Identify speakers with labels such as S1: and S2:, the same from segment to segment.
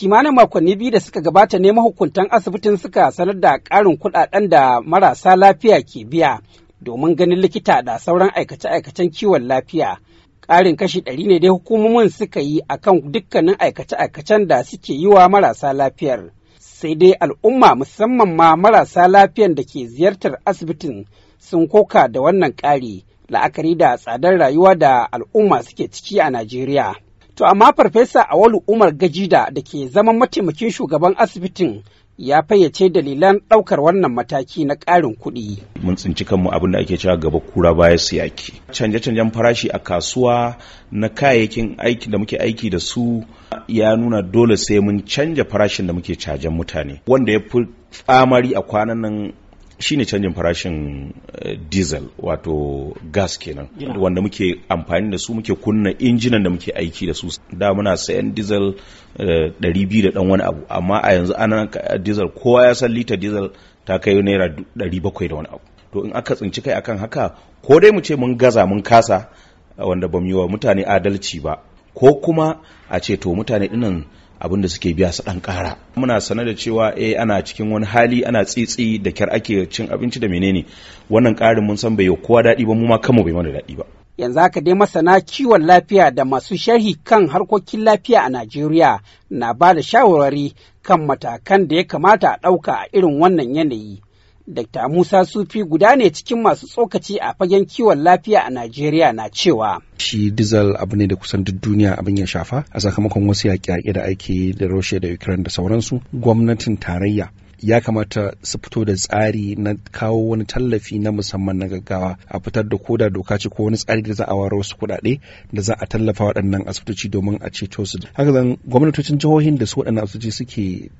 S1: kimanin makonni biyu da suka gabata ne mahukuntan asibitin suka sanar da ƙarin kuɗaɗen da marasa lafiya ke biya domin ganin likita da sauran aikace-aikacen kiwon lafiya. Ƙarin kashi ɗari ne dai hukumomin suka yi akan dukkanin aikace-aikacen da suke yi wa marasa lafiyar. Sai dai al'umma musamman ma marasa lafiyan da ke ziyartar asibitin sun koka da wannan ƙari la'akari da tsadar rayuwa da al'umma suke ciki a Najeriya. To amma Farfesa Awalu Umar Gajida da ke zaman mataimakin shugaban asibitin ya fayyace dalilan ɗaukar wannan mataki na ƙarin kuɗi.
S2: Mun tsinci kanmu abin da ake cewa gaba kura baya su yaki. Canje-canjen farashi a kasuwa na kayayyakin aiki da muke aiki da su ya nuna dole sai mun canja farashin da muke cajen mutane. Wanda ya fi tsamari a kwanan nan shine canjin farashin eh, diesel wato gas kenan wanda muke amfani da su muke kunna injinan da muke aiki da su da muna sayan diesel 200 eh, da ɗan wani abu amma a yanzu ana diesel kowa ya san lita diesel ta kai naira 700 da wani abu to in aka tsinci kai akan haka ko dai mu ce mun gaza mun kasa wanda ba mu yi wa mutane adalci ba ko kuma a ce to mutane dinnan abin da suke biya su dan kara muna sanar da cewa eh ana cikin wani hali ana tsitsi da kyar ake cin abinci da menene wannan karin mun san bai yi kowa daɗi ba mu ma kanmu bai mana daɗi ba
S1: yanzu haka dai masana kiwon lafiya da masu sharhi kan harkokin lafiya a Najeriya na ba da shawarwari kan matakan da ya kamata a ɗauka a irin wannan yanayi Dr. Musa Sufi guda ne cikin masu tsokaci a fagen kiwon lafiya a Najeriya na cewa.
S3: Shi dizal abu ne da kusan duk duniya abin ya shafa a sakamakon wasu yaƙe-yaƙe da ake da Russia da Ukraine da sauransu. Gwamnatin tarayya ya kamata su fito da tsari na kawo wani tallafi na musamman na gaggawa a fitar da koda doka ce ko wani tsari da za a ware wasu kuɗaɗe da za a tallafa waɗannan asibitoci domin a ceto su haka zan gwamnatocin jihohin da su waɗannan asibitoci suke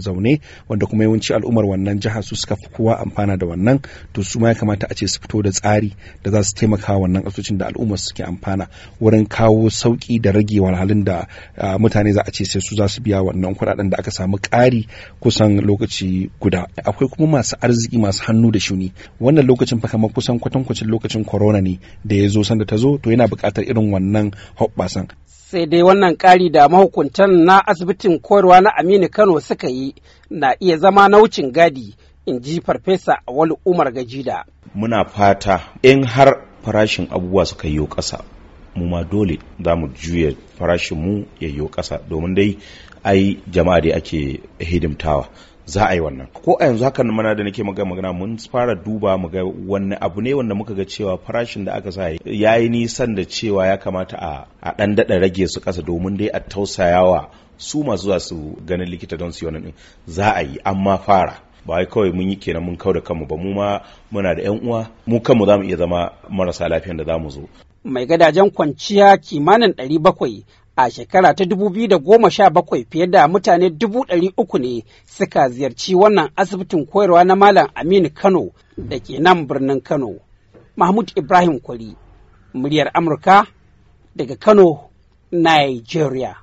S3: zaune wanda kuma yawanci al'ummar wannan jiha su suka fi kowa amfana da wannan to su ma ya kamata a ce su fito da tsari da za su taimaka wannan asibitocin da al'ummar suke amfana wurin kawo sauki da rage wahalhalun da mutane za a ce sai su za su biya wannan kuɗaɗen da aka samu ƙari kusan lokaci guda akwai kuma masu arziki masu hannu da shuni wannan lokacin fa kamar kusan kwatankwacin lokacin corona ne da ya zo sanda ta zo to yana buƙatar irin wannan hoɓɓasan
S1: sai dai wannan ƙari da mahukuntan na asibitin koyarwa na aminu kano suka yi na iya zama na wucin gadi in ji farfesa wani umar gajida
S2: muna fata in har farashin abubuwa suka yi ƙasa mu ma dole za mu juya farashin mu ya yi ƙasa domin dai ai jama'a dai ake hidimtawa za a yi wannan ko a yanzu hakan mana da nake maga magana mun fara duba mu ga wani abu ne wanda muka ga cewa farashin da aka sa ya yi nisan da cewa ya kamata a a dan dada rage su kasa domin dai a tausayawa su masu za su ganin likita don su yi wannan za a yi amma fara ba wai kawai mun yi kenan mun kau da kanmu ba mu ma muna da yan uwa mu kanmu za mu iya zama marasa lafiyan da za mu zo
S1: mai gadajen kwanciya kimanin ɗari bakwai a shekara ta dubu biyu da goma sha bakwai fiye da mutane dubu ɗari uku ne suka ziyarci wannan asibitin koyarwa na Malam Aminu Kano da ke nan birnin Kano. Mahmud Ibrahim Kwari, muryar Amurka daga Kano, Nigeria.